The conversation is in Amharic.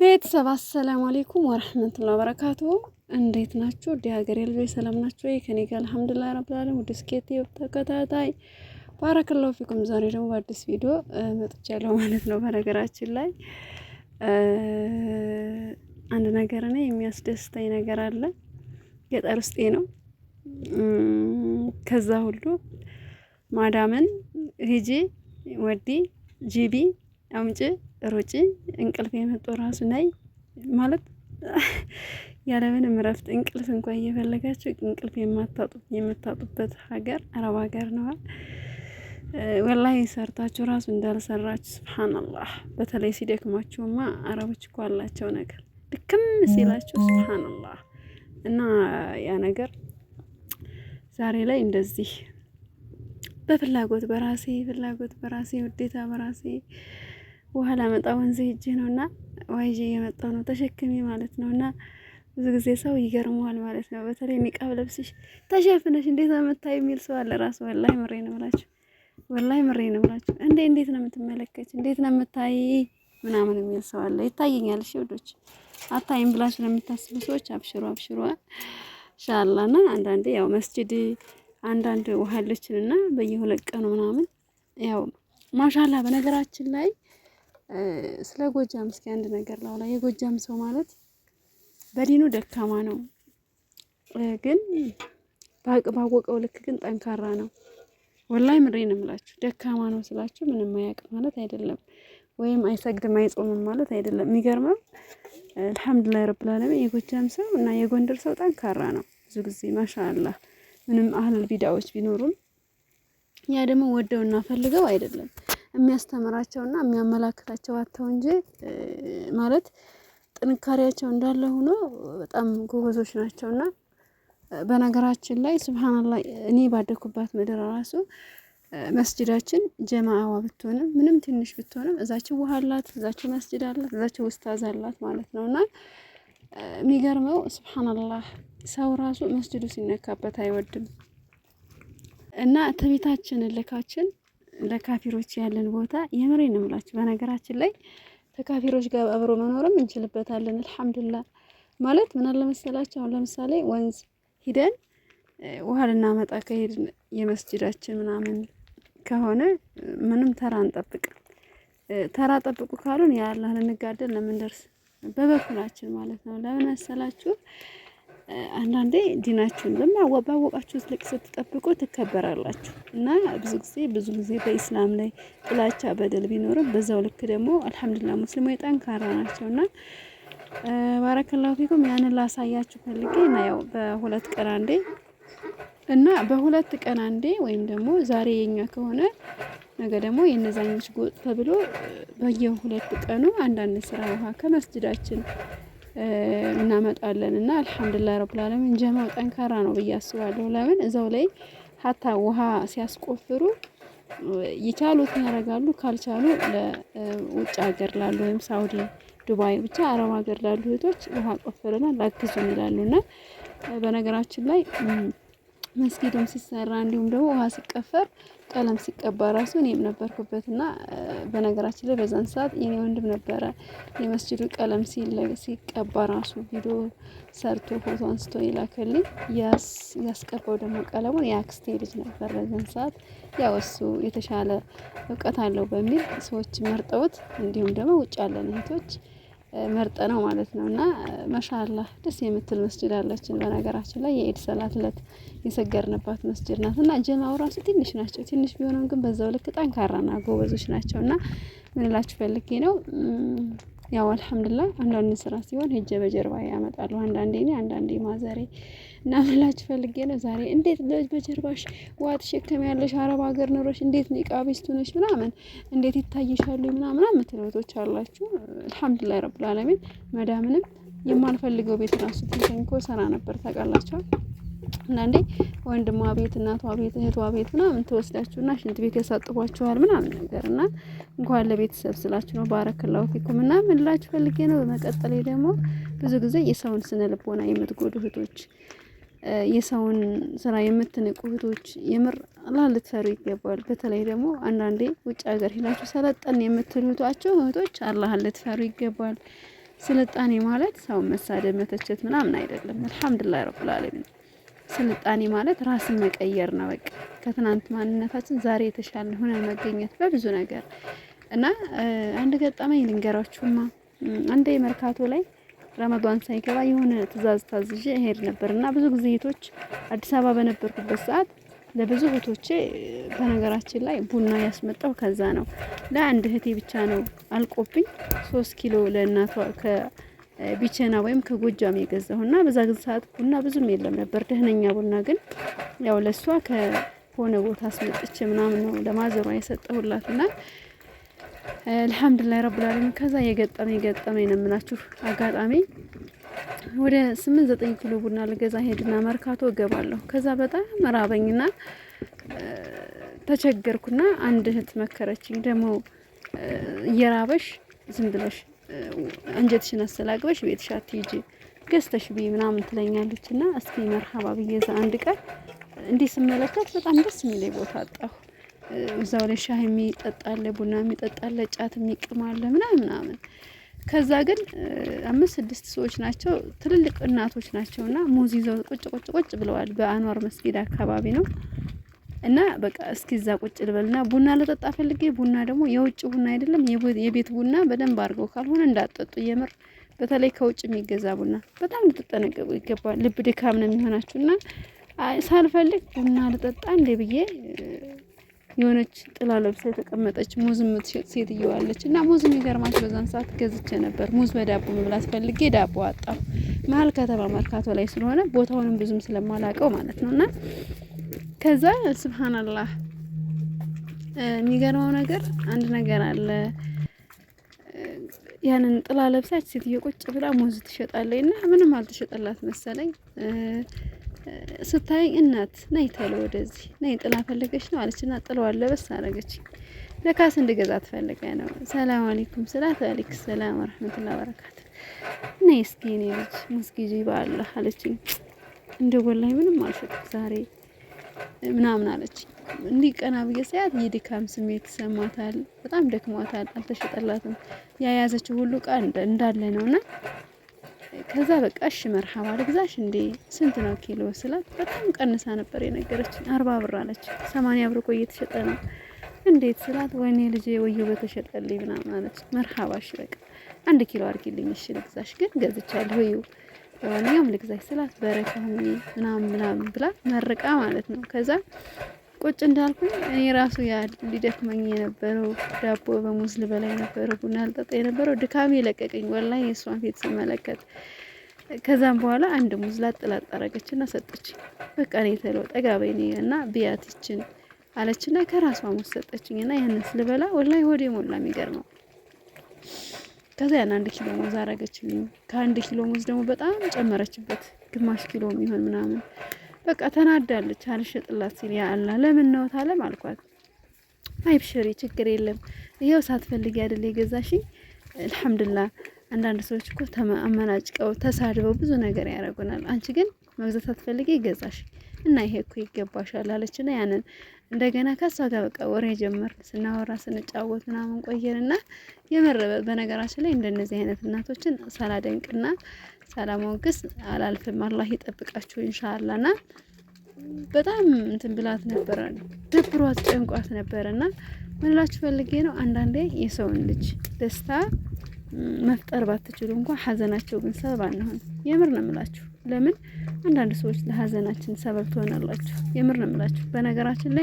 ቤተሰብ አሰላሙ አሌይኩም ወረህመቱላ በረካቱ እንዴት ናችሁ? ወደ ሀገሬ ልጆች ሰላም ናችሁ ወይ? ከኔ ጋር አልሐምዱሊላህ ረብ ዓለሚን። ወደ ስኬት ተከታታይ ባረከላሁ ፊኩም። ዛሬ ደግሞ በአዲስ ቪዲዮ መጥቻለሁ ማለት ነው። በነገራችን ላይ አንድ ነገር እኔ የሚያስደስተኝ ነገር አለ። ገጠር ውስጤ ነው። ከዛ ሁሉ ማዳምን ሂጂ ወዲ ጂቢ አምጪ ሩጪ እንቅልፍ የመጡ ራሱ ናይ ማለት ያለምንም እረፍት እንቅልፍ እንኳን እየፈለጋችሁ እንቅልፍ የምታጡበት ሀገር አረብ ሀገር ነዋል። ወላሂ ሰርታችሁ ራሱ እንዳልሰራችሁ ስብሓንላህ። በተለይ ሲደክማችሁማ አረቦች እኮ አላቸው ነገር ድክም ሲላችሁ ስብሓንላህ። እና ያ ነገር ዛሬ ላይ እንደዚህ በፍላጎት በራሴ ፍላጎት በራሴ ውዴታ በራሴ ውሃ ላመጣ ወንዝ ሄጄ ነው እና ውሃ እየመጣሁ ነው ተሸክሜ ማለት ነው። እና ብዙ ጊዜ ሰው ይገርመዋል ማለት ነው። በተለይ ኒቃብ ለብስሽ ተሸፍነሽ እንዴት ነው የምታይ የሚል ሰው አለ ራሱ። ወላሂ ምሬ ነው ብላችሁ ወላሂ ምሬ ነው ብላችሁ እንዴ እንዴት ነው የምትመለከች እንዴት ነው የምታይ ምናምን የሚል ሰው አለ። ይታየኛል። እሺ ውዶች አታይም ብላችሁ ለምታስቡ ሰዎች አብሽሩ አብሽሩ ሻላ ና አንዳንዴ ያው መስጂድ አንዳንድ ውሃለችን እና በየሁለት ቀኑ ምናምን ያው ማሻላ በነገራችን ላይ ስለ ጎጃም እስኪ አንድ ነገር ላውራ። የጎጃም ሰው ማለት በዲኑ ደካማ ነው፣ ግን ባወቀው ልክ ግን ጠንካራ ነው። ወላይ ነው እምላችሁ ደካማ ነው ስላችሁ ምንም አያውቅ ማለት አይደለም፣ ወይም አይሰግድም አይጾምም ማለት አይደለም። የሚገርመው አልሐምዱሊላህ ረብል ዓለሚን የጎጃም ሰው እና የጎንደር ሰው ጠንካራ ነው። ብዙ ጊዜ ማሻአላህ ምንም አህለል ቢዳዎች ቢኖሩም ያ ደግሞ ወደውና ፈልገው አይደለም። የሚያስተምራቸውና የሚያመላክታቸው አተው እንጂ ማለት ጥንካሬያቸው እንዳለ ሆኖ በጣም ጎበዞች ናቸውና በነገራችን ላይ ስብሓንላ እኔ ባደኩባት ምድር ራሱ መስጅዳችን ጀማአዋ ብትሆንም ምንም ትንሽ ብትሆንም እዛችው ውሃ አላት፣ እዛችው መስጅድ አላት፣ እዛቸው ውስታዝ አላት ማለት ነው። እና የሚገርመው ስብሓንላህ ሰው ራሱ መስጅዱ ሲነካበት አይወድም እና ተቤታችን ልካችን ለካፊሮች ያለን ቦታ የምሬ ነው የምላችሁ። በነገራችን ላይ ከካፊሮች ጋር አብሮ መኖርም እንችልበታለን። አልሐምዱላ ማለት ምን አለ መሰላችሁ፣ አሁን ለምሳሌ ወንዝ ሂደን ውሃ ልናመጣ ከሄድን የመስጅዳችን ምናምን ከሆነ ምንም ተራ አንጠብቅም። ተራ ጠብቁ ካሉን ያላህ ልንጋደል ለምንደርስ በበኩላችን ማለት ነው ለምን መሰላችሁ አንዳንዴ ዲናችሁን በማወ ባወቃችሁ ልቅ ስትጠብቁ ትከበራላችሁ። እና ብዙ ጊዜ ብዙ ጊዜ በኢስላም ላይ ጥላቻ በደል ቢኖርም በዛው ልክ ደግሞ አልሐምዱላ ሙስሊሞ የጠንካራ ናቸው ናቸውና ባረከላሁ ፊኩም ያንን ላሳያችሁ ፈልጌ እና ያው በሁለት ቀን አንዴ እና በሁለት ቀን አንዴ ወይም ደግሞ ዛሬ የኛ ከሆነ ነገ ደግሞ የነዛኞች ጎጥ ተብሎ በየሁለት ቀኑ አንዳንድ ስራ ውሃ ከመስጅዳችን እናመጣለን እና አልሐምዱሊላህ ረብል ዓለሚን ጀማው ጠንካራ ነው ብዬ አስባለሁ። ለምን እዛው ላይ ሀታ ውሃ ሲያስቆፍሩ የቻሉትን ያደርጋሉ። ካልቻሉ ለውጭ ሀገር ላሉ ወይም ሳውዲ፣ ዱባይ ብቻ አረብ ሀገር ላሉ እህቶች ውሃ ቆፍረናል አግዙን ይላሉና በነገራችን ላይ መስጊድም ሲሰራ እንዲሁም ደግሞ ውሃ ሲቀፈር ቀለም ሲቀባ ራሱ እኔም ነበርኩበት እና በነገራችን ላይ በዛን ሰዓት የኔ ወንድም ነበረ የመስጅዱ ቀለም ሲቀባ ራሱ ቪዲዮ ሰርቶ ፎቶ አንስቶ ይላክልኝ። ያስቀባው ደግሞ ቀለሙን የአክስቴ ልጅ ነበር። በዛን ሰዓት ያው እሱ የተሻለ እውቀት አለው በሚል ሰዎች መርጠውት እንዲሁም ደግሞ ውጭ ያለን እህቶች መርጠ ነው ማለት ነው። እና መሻላ ደስ የምትል መስጅድ አለችን። በነገራችን ላይ የኢድ ሰላት ዕለት የሰገርንባት መስጅድ ናት እና ጀማው ራሱ ትንሽ ናቸው። ትንሽ ቢሆንም ግን በዛው ልክ ጠንካራና ጎበዞች ናቸው። እና ምንላችሁ ፈልጌ ነው ያው አልሐምዱላ አንዳንድ ስራ ሲሆን ሄጀ በጀርባ ያመጣሉ። አንዳንዴ እኔ አንዳንዴ ማዘሬ እና ምላች ፈልጌ ነው ዛሬ እንዴት በጀርባሽ ዋጥ ሸከም ያለሽ አረብ ሀገር ኖረሽ እንዴት ኒቃቢስቱ ነሽ ምናምን እንዴት ይታይሻሉ ምናምን ምትለቶች አላችሁ። አልሐምዱላ ረብል ዓለሚን መዳምንም የማልፈልገው ቤት ራሱ ትንኮ ሰራ ነበር ታውቃላችኋል። አንዳንዴ ወንድሟ ቤት እናቷ ቤት እህቷ ቤት ምናምን ትወስዳችሁና ሽንት ቤት ያሳጥቧችኋል ምናምን ነገር እና እንኳን ለቤተሰብ ስላችሁ ነው። ባረክላው ፊኩም ምናምን ላችሁ ፈልጌ ነው። በመቀጠል ደግሞ ብዙ ጊዜ የሰውን ስነ ልቦና የምትጎዱ እህቶች፣ የሰውን ስራ የምትንቁ እህቶች የምር አላህ ልትፈሩ ይገባል። በተለይ ደግሞ አንዳንዴ ውጭ ሀገር ሄዳችሁ ሰለጠን የምትሉቷቸው እህቶች አላህን ልትፈሩ ይገባል። ስልጣኔ ማለት ሰውን መሳደብ መተቸት ምናምን አይደለም። አልሐምዱሊላህ ረብል ዓለሚን ስልጣኔ ማለት ራስን መቀየር ነው። በቃ ከትናንት ማንነታችን ዛሬ የተሻለ ሆነ መገኘት በብዙ ነገር እና አንድ ገጠመኝ ልንገራችሁማ። አንዴ መርካቶ ላይ ረመዷን ሳይገባ የሆነ ትእዛዝ ታዝዤ እሄድ ነበር እና ብዙ ጊዜ እህቶች አዲስ አበባ በነበርኩበት ሰዓት ለብዙ እህቶቼ በነገራችን ላይ ቡና ያስመጣው ከዛ ነው። ለአንድ እህቴ ብቻ ነው አልቆብኝ ሶስት ኪሎ ለእናቷ ቢቸና ወይም ከጎጃም እና በዛ ጊዜ ሰዓት ቡና ብዙም የለም ነበር። ደህነኛ ቡና ግን ያው ለሷ ከሆነ ቦታ አስመጥቼ ምናምን ነው ለማዘሯ የሰጠሁላት ና አልሐምዱላይ ዓለሚን። ከዛ የገጠመ የገጠመ ነው የምላችሁ አጋጣሚ ወደ ስምንት ዘጠኝ ኪሎ ቡና ልገዛ ሄድና መርካቶ እገባለሁ። ከዛ በጣም ራበኝና ተቸገርኩና አንድ እህት መከረችኝ፣ ደግሞ እየራበሽ ዝም ብለሽ አንጀትሽን አሰላግበሽ ቤትሽ አትሂጂ ገዝተሽ ብይ ምናምን ትለኛለች። እና እስኪ መርሃባ ብዬ አንድ ቀን እንዲህ ስመለከት በጣም ደስ የሚለኝ ቦታ አጣሁ። እዛው ላይ ሻህ የሚጠጣለ፣ ቡና የሚጠጣለ፣ ጫት የሚቅማለ ምናምን ምናምን ከዛ ግን አምስት ስድስት ሰዎች ናቸው፣ ትልልቅ እናቶች ናቸው እና ሙዝ ይዘው ቁጭ ቁጭ ቁጭ ብለዋል። በአንዋር መስጊድ አካባቢ ነው። እና በቃ እስኪ እዛ ቁጭ ልበልና ቡና ልጠጣ ፈልጌ፣ ቡና ደግሞ የውጭ ቡና አይደለም የቤት ቡና በደንብ አድርገው ካልሆነ እንዳጠጡ። የምር በተለይ ከውጭ የሚገዛ ቡና በጣም ልትጠነቀቁ ይገባል። ልብ ድካም ነው የሚሆናችሁ። እና ሳልፈልግ ቡና ልጠጣ እንዴ ብዬ የሆነች ጥላ ለብሳ የተቀመጠች ሙዝ የምትሸጥ ሴትዮ አለች። እና ሙዝ የሚገርማች በዛን ሰዓት ገዝቼ ነበር። ሙዝ በዳቦ መብላት ፈልጌ ዳቦ አጣሁ። መሀል ከተማ መርካቶ ላይ ስለሆነ ቦታውንም ብዙም ስለማላውቀው ማለት ነው እና ከዛ ስብሃናላህ የሚገርመው ነገር አንድ ነገር አለ። ያንን ጥላ ለብሳች ሴትዮ ቁጭ ብላ ሙዝ ትሸጣለች እና ምንም አልተሸጠላት መሰለኝ። ስታይ እናት ነይ ተለ ወደዚህ ነይ ጥላ ፈለገች ነው አለች አለችና ጥላዋን አለበስ አረገች። ለካስ እንድገዛ ትፈልገ ነው። ሰላም አለይኩም ስላት አለይክ ሰላም ወራህመቱላ ወበረካቱ ነይ እስኪ እኔ ልጅ ሙዝ ግዢ ባለሁ አለችኝ። እንደ ጎላይ ምንም አልሸጥም ዛሬ ምናምን አለች። እንዲህ ቀና ብዬ ሳያት የድካም ስሜት ይሰማታል። በጣም ደክሟታል። አልተሸጠላትም። ያያዘችው ሁሉ እቃ እንዳለ ነውና ከዛ በቃ እሺ መርሃባ ልግዛሽ እንዴ ስንት ነው ኪሎ ስላት በጣም ቀንሳ ነበር የነገረችኝ። አርባ ብር አለች። ሰማንያ ብር እኮ እየተሸጠ ነው እንዴት ስላት ወይኔ ልጄ ወየ በተሸጠልኝ ምናምን አለች። መርሃባ እሺ በቃ አንድ ኪሎ አድርጊልኝ እሺ ልግዛሽ ግን ገዝቻለሁ ይኸው እኔም ልግዛሽ ስላት በረካ ሁኚ ምናምን ምናምን ብላ መርቃ ማለት ነው። ከዛ ቁጭ እንዳልኩኝ እኔ ራሱ ያ ሊደክመኝ የነበረው ዳቦ በሙዝ ልበላ የነበረው ቡና ልጠጣ የነበረው ድካሜ ይለቀቀኝ ወላሂ የእሷን ፊት ስመለከት። ከዛም በኋላ አንድ ሙዝ ላጥ ላጥ አረገችና ሰጠችኝ። በቃ እኔ ተለው ጠጋ በይ እና ቢያትችን አለችና ከራሷ ሙዝ ሰጠችኝና እና ያንን ስልበላ ወላሂ ሆዴ ሞላ። የሚገርመው ከዛ ያን አንድ ኪሎ ሙዝ አረገችልኝ። ከአንድ ኪሎ ሙዝ ደግሞ በጣም ጨመረችበት፣ ግማሽ ኪሎ የሚሆን ምናምን። በቃ ተናዳለች። አልሸጥላት ሲል ያአላ ለምን ነው ታለም አልኳት። አይብሽሪ ችግር የለም ይኸው ሳትፈልጊ አይደል የገዛሽኝ አልሐምዱሊላህ አንዳንድ ሰዎች እኮ አመናጭቀው ተሳድበው ብዙ ነገር ያደርጉናል። አንቺ ግን መግዛት አትፈልጊ ይገዛሽ እና ይሄ እኮ ይገባሻል ና ያንን እንደገና ከሷ ጋር በቃ ወሬ ጀመር። ስናወራ ስንጫወት ምናምን ቆየንና የመረበ በነገራችን ላይ እንደነዚህ አይነት እናቶችን ሳላደንቅና ሳላሞግስ አላልፍም። አላህ ይጠብቃችሁ ና በጣም እንትን ብላት ነበረ፣ ደብሯት ጨንቋት ነበረ ምን ምንላችሁ ፈልጌ ነው አንዳንዴ የሰውን ልጅ ደስታ መፍጠር ባትችሉ እንኳ ሀዘናቸው ግን ሰበብ አንሆን። የምር ነው የምላችሁ። ለምን አንዳንድ ሰዎች ለሀዘናችን ሰበብ ትሆናላችሁ። የምር ነው የምላችሁ በነገራችን ላይ